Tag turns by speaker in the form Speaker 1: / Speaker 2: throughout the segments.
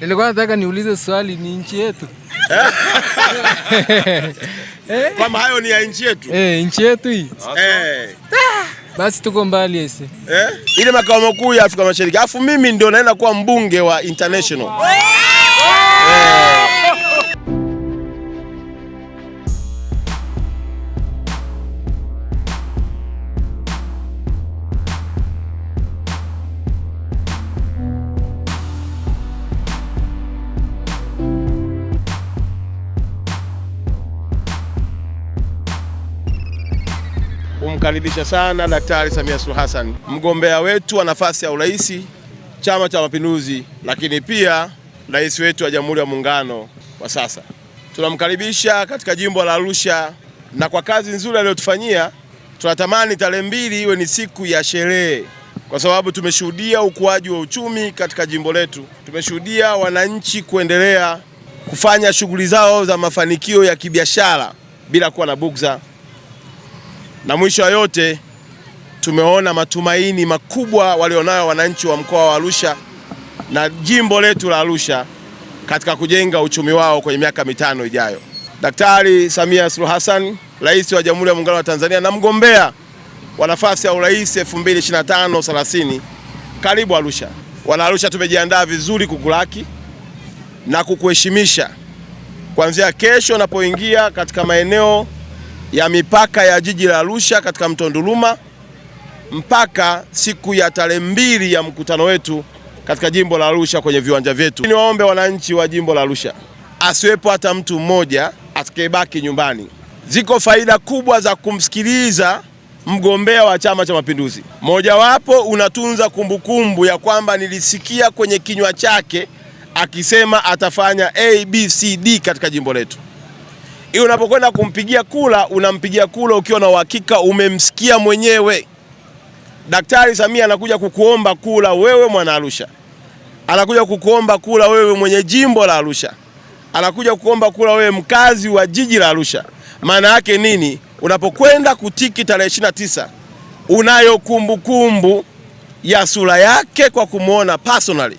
Speaker 1: Nilikuwa nataka niulize swali, ni nchi yetu
Speaker 2: eh? kwamba hayo ni ya nchi yetu
Speaker 1: eh, nchi yetu hii eh. Basi tuko mbali ese eh,
Speaker 2: eh, ile makao makuu ya Afrika Mashariki, alafu mimi ndio naenda kuwa mbunge wa international tunamkaribisha sana Daktari Samia Suluhu Hassan, mgombea wetu wa nafasi ya urais Chama cha Mapinduzi, lakini pia rais wetu wa Jamhuri ya Muungano wa sasa. Tunamkaribisha katika jimbo la Arusha na kwa kazi nzuri aliyotufanyia, tunatamani tarehe mbili iwe ni siku ya sherehe, kwa sababu tumeshuhudia ukuaji wa uchumi katika jimbo letu, tumeshuhudia wananchi kuendelea kufanya shughuli zao za mafanikio ya kibiashara bila kuwa na bugza na mwisho wa yote tumeona matumaini makubwa walionayo wananchi wa mkoa wa Arusha na jimbo letu la Arusha katika kujenga uchumi wao kwenye miaka mitano ijayo. Daktari Samia Suluhu Hassan, Rais wa Jamhuri ya Muungano wa Tanzania na mgombea wa nafasi ya urais 2025 30, karibu Arusha. Wana Arusha, tumejiandaa vizuri kukulaki na kukuheshimisha kuanzia kesho unapoingia katika maeneo ya mipaka ya jiji la Arusha katika mto Nduluma mpaka siku ya tarehe mbili ya mkutano wetu katika jimbo la Arusha kwenye viwanja vyetu. Niwaombe wananchi wa jimbo la Arusha, asiwepo hata mtu mmoja atakayebaki nyumbani. Ziko faida kubwa za kumsikiliza mgombea wa Chama cha Mapinduzi. Mojawapo, unatunza kumbukumbu ya kwamba nilisikia kwenye kinywa chake akisema atafanya ABCD katika jimbo letu hii unapokwenda kumpigia kula, unampigia kula ukiwa na uhakika umemsikia mwenyewe. Daktari Samia anakuja kukuomba kula wewe mwana Arusha, anakuja kukuomba kula wewe mwenye jimbo la Arusha, anakuja kukuomba kula wewe mkazi wa jiji la Arusha. Maana yake nini? Unapokwenda kutiki tarehe 29 unayo kumbukumbu kumbu ya sura yake kwa kumwona personally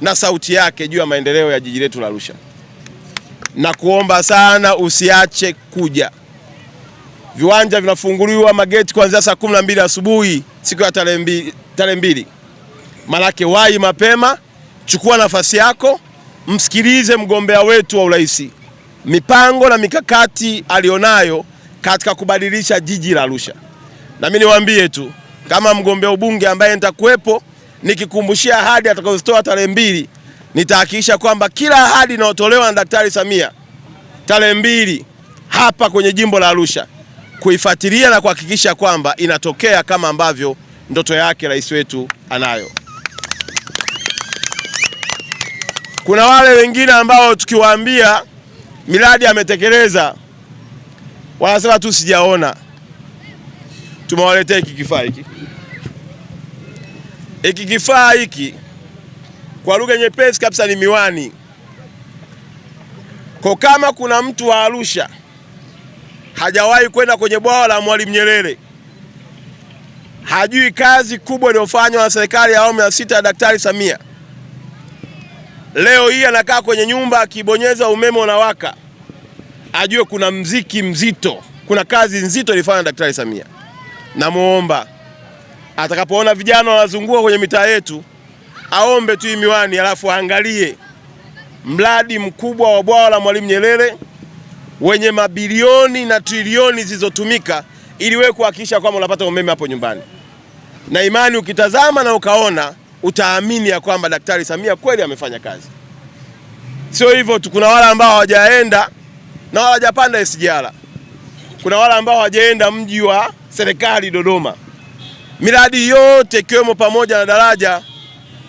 Speaker 2: na sauti yake juu ya maendeleo ya jiji letu la Arusha na kuomba sana usiache kuja. Viwanja vinafunguliwa mageti kuanzia saa kumi na mbili asubuhi siku ya tarehe mbili. Manake wai mapema, chukua nafasi yako, msikilize mgombea wetu wa urais, mipango na mikakati alionayo katika kubadilisha jiji la Arusha. Na mimi niwaambie tu kama mgombea ubunge ambaye nitakuwepo nikikumbushia ahadi atakazotoa tarehe mbili nitahakikisha kwamba kila ahadi inayotolewa na Daktari Samia tarehe mbili hapa kwenye jimbo la Arusha kuifuatilia na kuhakikisha kwamba inatokea kama ambavyo ndoto yake rais wetu anayo. Kuna wale wengine ambao tukiwaambia miradi ametekeleza wanasema tu sijaona. Tumewaletea hiki kifaa hiki, hiki kifaa hiki kwa lugha nyepesi kabisa ni miwani. Kwa kama kuna mtu wa Arusha hajawahi kwenda kwenye bwawa la Mwalimu Nyerere, hajui kazi kubwa iliyofanywa na serikali ya awamu ya sita ya Daktari Samia. Leo hii anakaa kwenye nyumba akibonyeza umeme unawaka, ajue kuna mziki mzito, kuna kazi nzito ilifanya Daktari Samia. Namwomba atakapoona vijana wanazunguka kwenye mitaa yetu aombe tu miwani, alafu aangalie mradi mkubwa wa bwawa la Mwalimu Nyerere wenye mabilioni na trilioni zilizotumika ili wewe kuhakikisha kwamba unapata umeme hapo nyumbani, na imani ukitazama na ukaona utaamini ya kwamba Daktari Samia kweli amefanya kazi. Sio hivyo tu, kuna wale ambao hawajaenda na wala hawajapanda SGR. Kuna wale ambao hawajaenda mji wa serikali Dodoma, miradi yote ikiwemo pamoja na daraja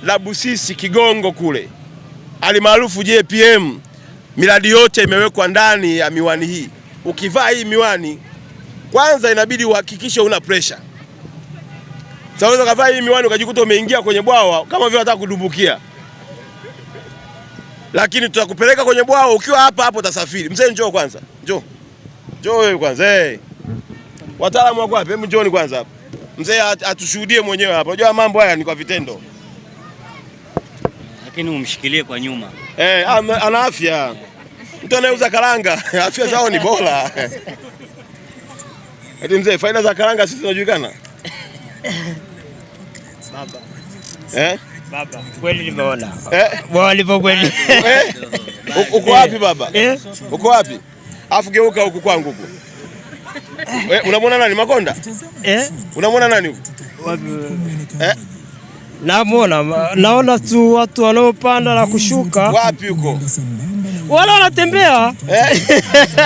Speaker 2: la Busisi Kigongo kule alimaarufu JPM, miradi yote imewekwa ndani ya miwani hii. Ukivaa hii miwani, kwanza inabidi uhakikishe una pressure. Sasa unaweza kavaa hii miwani ukajikuta umeingia kwenye bwawa kama vile unataka kudumbukia, lakini tutakupeleka kwenye bwawa ukiwa hapa hapo utasafiri. Mzee njoo kwanza, njoo njoo wewe kwanza, hey. Eh. Wataalamu wako wapi? Hebu njooni kwanza hapa, mzee atushuhudie mwenyewe hapa. Unajua mambo haya ni kwa vitendo
Speaker 3: lakini umshikilie kwa nyuma.
Speaker 2: Eh, ah, ana afya mtu anayeuza karanga afya zao ni bora. Eti mzee, faida za karanga sisi tunajulikana.
Speaker 3: Baba. Eh? Baba, kweli nimeona. Eh? Walipo kweli. Eh?
Speaker 2: Uko wapi baba? Eh? Uko wapi? Afu geuka huku kwangu huku. Eh, unamwona nani Makonda? Eh? Unamwona nani huku?
Speaker 3: Eh? Namwona, naona tu watu wanaopanda na kushuka.
Speaker 2: Wapi huko?
Speaker 3: Wala wanatembea eh.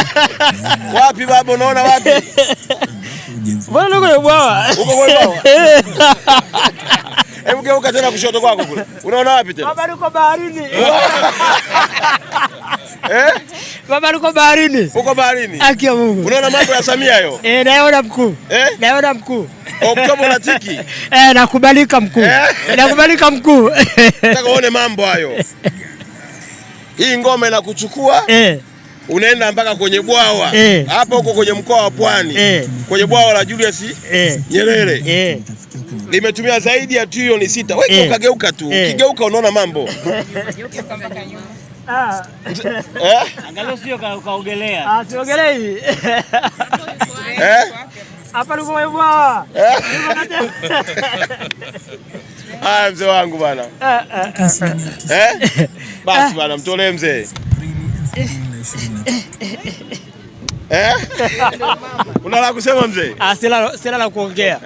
Speaker 2: wapi baba, unaona wapi?
Speaker 3: Mbona uko bwawa? Uko bwawa.
Speaker 2: Hebu geuka tena kushoto kwako kule. Unaona wapi tena?
Speaker 3: Baba, uko baharini. Eh? Baba uko baharini.
Speaker 2: Uko baharini.
Speaker 3: Haki ya Mungu.
Speaker 2: Unaona mambo ya Samia hiyo?
Speaker 3: Eh, naona mkuu. Eh? Naona mkuu.
Speaker 2: Oktoba na tiki.
Speaker 3: Eh, nakubalika mkuu. Eh? Nakubalika mkuu.
Speaker 2: Nataka uone mambo hayo. Hii ngoma inakuchukua. Eh. Unaenda mpaka kwenye bwawa eh. hapa, Huko kwenye mkoa wa Pwani, eh. Kwenye bwawa la Julius eh. Nyerere eh. Limetumia zaidi ya trilioni sita. Wewe Ukageuka tu Ukigeuka unaona mambo
Speaker 3: Ah. Eh? Angalia sio kaogelea. Ah, siogelei. Eh? Hapa niko mwe bwawa.
Speaker 2: Haya mzee wangu bana. Eh, eh? Basi bana mtolee mzee. Eh? Una la kusema mzee?
Speaker 3: Ah, sina la kuongea.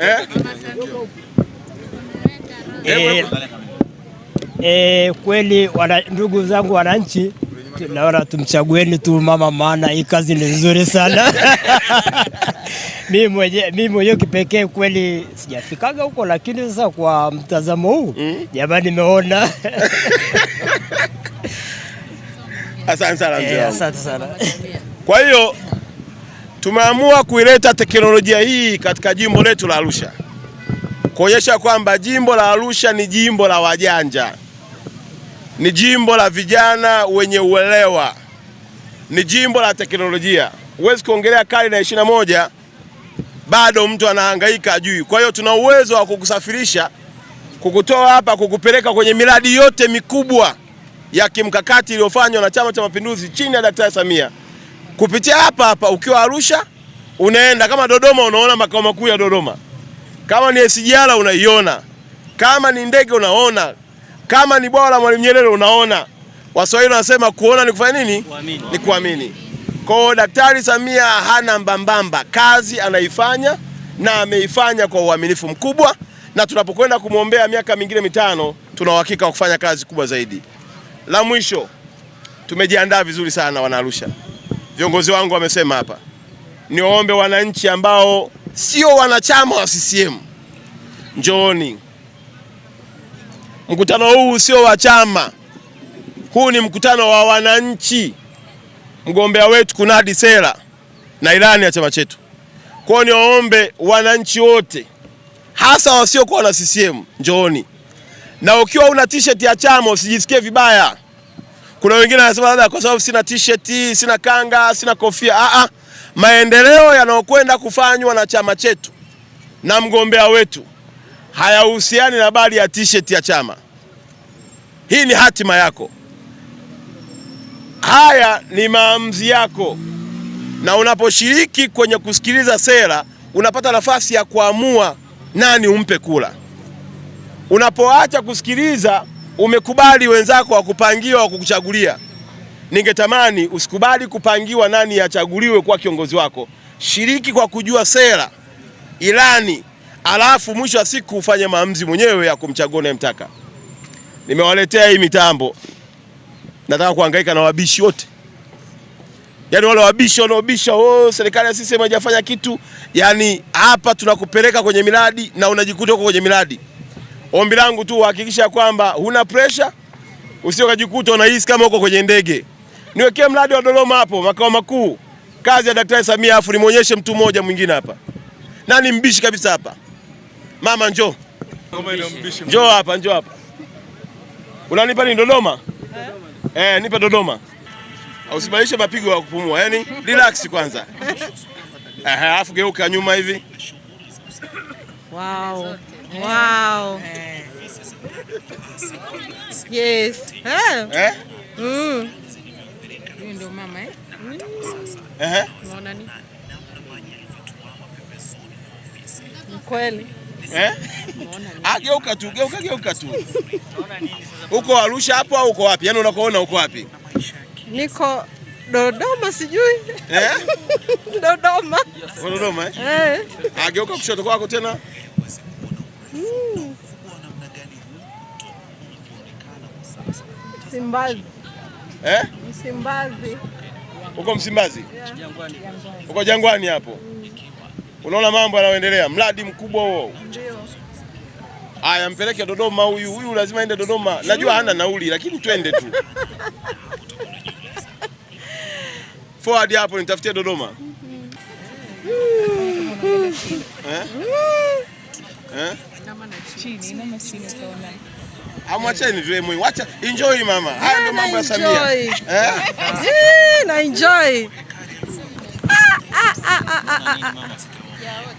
Speaker 3: Eh? E, kweli wana, ndugu zangu wananchi, naona tumchagueni tu mama, maana hii kazi ni nzuri sana mimi mwenyewe mimi mwenye kipekee kweli sijafikaga huko, lakini sasa kwa mtazamo huu hmm? jamani, mm, nimeona
Speaker 2: asante sana e,
Speaker 3: asante sana.
Speaker 2: Kwa hiyo tumeamua kuileta teknolojia hii katika jimbo letu la Arusha kuonyesha kwamba jimbo la Arusha ni jimbo la wajanja ni jimbo la vijana wenye uelewa, ni jimbo la teknolojia. Huwezi kuongelea karne ya ishirini na moja bado mtu anahangaika ajui. Kwa hiyo tuna uwezo wa kukusafirisha, kukutoa hapa, kukupeleka kwenye miradi yote mikubwa ya kimkakati iliyofanywa na Chama cha Mapinduzi chini ya Daktari Samia kupitia hapa hapa. Ukiwa Arusha unaenda kama Dodoma, unaona makao makuu ya Dodoma. Kama ni SGR unaiona, kama ni ndege unaona kama ni bwawa la Mwalimu Nyerere, unaona Waswahili wanasema kuona ni kufanya nini? Kuamini. Ni kuamini. Kwa Daktari Samia hana mbambamba, kazi anaifanya na ameifanya kwa uaminifu mkubwa, na tunapokwenda kumwombea miaka mingine mitano, tuna uhakika wa kufanya kazi kubwa zaidi. La mwisho, tumejiandaa vizuri sana Wanaarusha. Viongozi wangu wamesema hapa, niwaombe wananchi ambao sio wanachama wa CCM, njooni Mkutano huu sio wa chama, huu ni mkutano wa wananchi. Mgombea wetu kunadi sera na ilani ya chama chetu. Kwa hiyo niwaombe wananchi wote, hasa wasiokuwa na CCM, njooni na ukiwa una t-shirt ya chama usijisikie vibaya. Kuna wengine wanasema labda kwa sababu sina t-shirt, sina kanga, sina kofia. Ah ah, maendeleo yanayokwenda kufanywa na chama chetu na mgombea wetu hayahusiani na bali ya t-shirt ya chama. Hii ni hatima yako, haya ni maamuzi yako, na unaposhiriki kwenye kusikiliza sera unapata nafasi ya kuamua nani umpe kula. Unapoacha kusikiliza, umekubali wenzako wakupangiwa wakukuchagulia. Ningetamani usikubali kupangiwa nani achaguliwe kuwa kiongozi wako. Shiriki kwa kujua sera, ilani alafu mwisho wa siku ufanye maamuzi mwenyewe ya kumchagua unayemtaka. Nimewaletea hii mitambo, nataka kuhangaika na wabishi wote, yaani wale wabishi wanaobisha, oh, serikali ya CCM haijafanya kitu. Yaani hapa tunakupeleka kwenye miradi na unajikuta huko kwenye miradi. Ombi langu tu hakikisha kwamba huna pressure, usiokajikuta unahisi kama uko kwenye ndege. Niwekee mradi wa Dodoma hapo makao makuu, kazi ya Daktari Samia, afu nimwonyeshe mtu mmoja mwingine hapa nani mbishi kabisa hapa. Mama njo, njo hapa, njo hapa. Unanipa ni Dodoma? Eh? eh, nipe Dodoma. Usibadilishe mapigo ya kupumua. yani relax kwanza. Eh, alafu geuka nyuma hivi.
Speaker 4: Wow. Wow. Yes. Eh? eh? Mm. mama eh? Eh? Unaona Kweli eh?
Speaker 2: Ah, geuka tu, geuka geuka tu. Uko Arusha hapo au uko wapi? Yaani unakoona uko wapi?
Speaker 4: Niko Dodoma sijui. Eh? Dodoma.
Speaker 2: Dodoma eh? Eh. Ageuka ah, kushoto kwako tena. Msimbazi. Eh?
Speaker 4: Msimbazi.
Speaker 2: Uko Msimbazi? Yeah. Uko Jangwani hapo. Mm. Unaona mambo yanayoendelea, mradi mkubwa huo. Aya, mpeleke Dodoma huyu huyu, lazima aende Dodoma. Najua hana nauli, lakini twende tu forward hapo, nitafutie Dodoma eh? Eh? Amwacheni tu mwe, wacha enjoy mama. Haya ndio mambo ya Samia eh? eh?
Speaker 4: na enjoy ah, ah, ah, ah, ah. ah, ah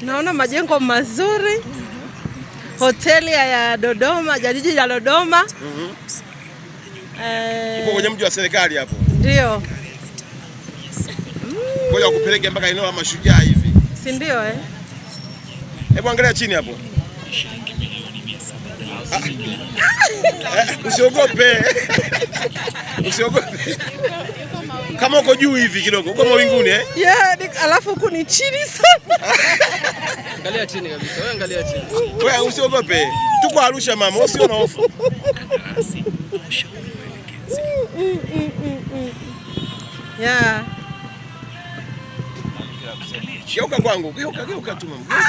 Speaker 4: naona majengo mazuri, hoteli ya Dodoma, jiji la Dodoma. Mm-hmm.
Speaker 2: Ipo eh, kwenye mji wa serikali hapo, ndio mm. ngoja mm. kupeleke mpaka eneo la mashujaa hivi, si ndio? Eh, hebu angalia chini hapo. Ah, eh, usiogope, usiogope kama uko juu hivi kidogo, uko mawinguni eh?
Speaker 4: Yeah, alafu huko ni chini sana. Angalia
Speaker 2: chini kabisa. Wewe angalia chini. Wewe usiogope. Tuko Arusha mama, usio na hofu. Yeah. Geuka kwangu, geuka, geuka tu mama.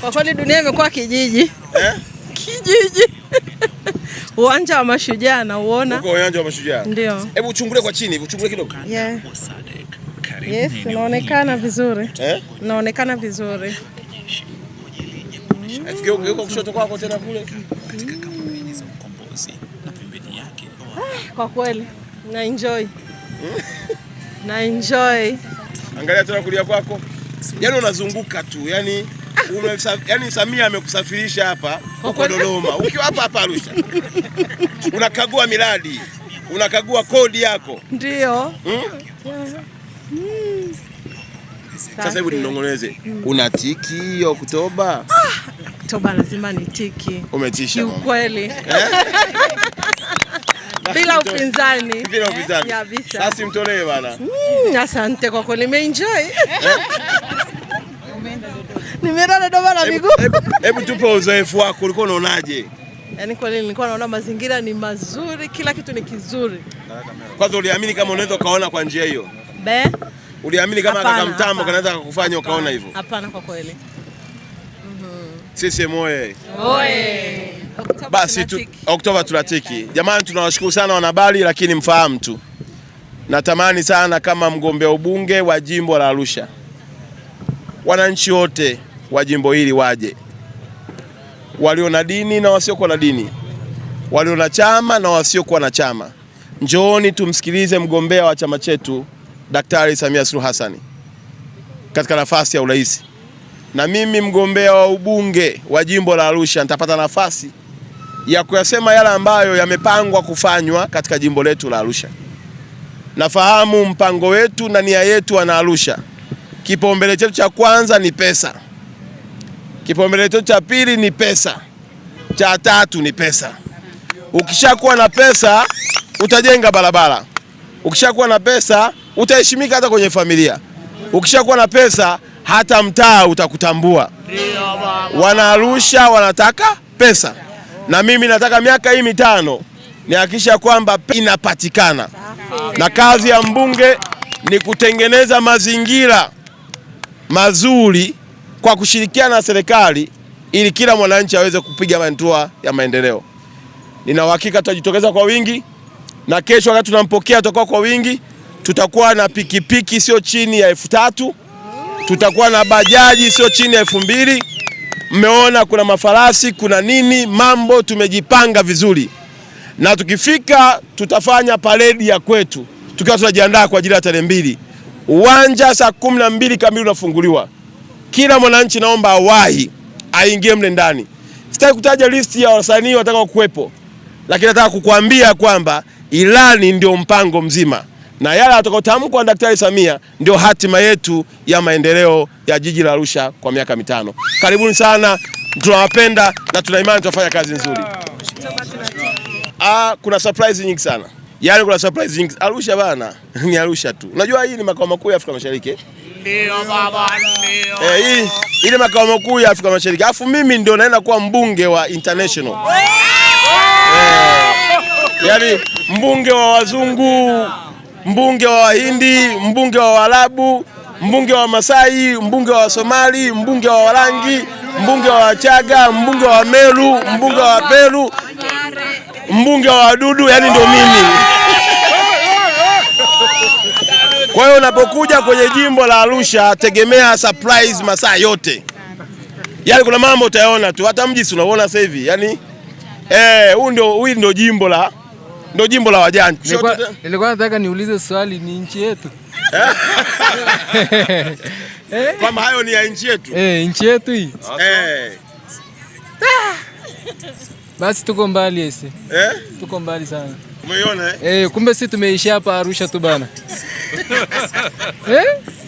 Speaker 4: Kwa kweli dunia imekuwa kijiji. Eh? Kijiji. uwanja wa Mashujaa na uona
Speaker 2: uko uwanja wa Mashujaa. Ndio. Hebu uchungulie kwa chini, uchungulie kidogo. Yeah.
Speaker 4: Yes, inaonekana vizuri. Eh? Inaonekana vizuri.
Speaker 2: Eh, Geuka kushoto kwako tena kule. Katika kampeni za ukombozi
Speaker 4: na pembeni yake. Ah, kwa kweli na enjoy. Hmm? Na enjoy.
Speaker 2: Angalia tena kulia kwako. Yaani unazunguka tu, yaani yani Samia amekusafirisha hapa huko Dodoma, ukiwa hapa hapa Arusha unakagua miradi, unakagua kodi yako,
Speaker 4: ndio hmm?
Speaker 2: sasa hivi ninong'oneze, una tiki Oktoba? Ah,
Speaker 4: Oktoba lazima ni tiki. Umetisha kweli eh? bila upinzani.
Speaker 2: Bila eh, upinzani. Sasa mtolee bana.
Speaker 4: Hmm, asante kwa kweli, nimeenjoy. Eh? nimeenda doma na miguu.
Speaker 2: Hebu tupe uzoefu wako, ulikuwa unaonaje?
Speaker 4: Yaani kweli nilikuwa naona mazingira ni mazuri, kila kitu ni kizuri.
Speaker 2: Kwanza uliamini kama unaweza ukaona kwa njia hiyo? Be? Uliamini kama kaka mtambo kanaweza kukufanya ukaona hivyo?
Speaker 4: Hapana kwa kweli.
Speaker 2: Sisi moye. Mhm. Oye. Basi tu, Oktoba tunatiki. Jamani, tunawashukuru sana wanahabari, lakini mfahamu tu, natamani sana kama mgombea ubunge wa jimbo la Arusha, wananchi wote wa jimbo hili waje, walio na dini na wasiokuwa na dini, walio na chama na wasiokuwa na chama. Njooni tumsikilize mgombea wa chama chetu Daktari Samia Suluhu Hassan katika nafasi ya urais, na mimi mgombea wa ubunge wa jimbo la Arusha nitapata nafasi ya kuyasema yale ambayo yamepangwa kufanywa katika jimbo letu la Arusha. Nafahamu mpango wetu na nia yetu wana Arusha. Kipaumbele chetu cha kwanza ni pesa. Kipaumbele chetu cha pili ni pesa, cha tatu ni pesa. Ukishakuwa na pesa utajenga barabara, ukishakuwa na pesa utaheshimika hata kwenye familia, ukishakuwa na pesa hata mtaa utakutambua. Wanarusha wanataka pesa, na mimi nataka miaka hii mitano nihakikisha kwamba inapatikana, na kazi ya mbunge ni kutengeneza mazingira mazuri kwa kushirikiana na serikali ili kila mwananchi aweze kupiga hatua ya maendeleo. Nina uhakika tutajitokeza kwa wingi, na kesho wakati tunampokea tutakuwa kwa wingi. Tutakuwa na pikipiki sio chini ya elfu tatu, tutakuwa na bajaji sio chini ya elfu mbili. Mmeona kuna mafarasi, kuna nini, mambo tumejipanga vizuri, na tukifika tutafanya paredi ya kwetu tukiwa tunajiandaa kwa ajili ya tarehe mbili. Uwanja saa kumi na mbili kamili unafunguliwa. Kila mwananchi naomba awahi aingie mle ndani. Sitaki kutaja listi ya wasanii wataka kuwepo, lakini nataka kukuambia kwamba ilani ndio mpango mzima na yale atakayotamkwa na Daktari Samia ndio hatima yetu ya maendeleo ya jiji la Arusha kwa miaka mitano. Karibuni sana, tunawapenda na tuna imani tutafanya kazi nzuri. Ah, kuna surprise nyingi sana, yaani kuna surprise nyingi Arusha bana. Ni Arusha tu. Unajua hii ni makao makuu ya Afrika Mashariki ndio baba ndio. Eh, hii ile makao makuu ya Afrika Mashariki. Alafu mimi ndio naenda kuwa mbunge wa international. Eh, yaani mbunge wa wazungu, mbunge wa Wahindi, mbunge wa Waarabu, mbunge wa Masai, mbunge wa Somali, mbunge wa Warangi, mbunge wa Wachaga, mbunge wa Meru, mbunge wa Peru, mbunge wa wadudu, yani ndio mimi. Kwa hiyo unapokuja kwenye jimbo la Arusha tegemea surprise masaa yote. Yaani kuna mambo utayaona tu, hata mji si unaona sasa hivi. Yaani eh, huu ndio huu ndio jimbo la ndio jimbo la wajanja.
Speaker 1: Nilikuwa nataka niulize swali, ni nchi yetu eh?
Speaker 2: Eh? kwamba hayo ni ya nchi yetu
Speaker 1: eh, nchi yetu hii eh. Ah! Basi tuko mbali ese eh? Tuko mbali sana. Umeiona eh? Eh, kumbe sisi tumeishia hapa Arusha tu bana. Eh?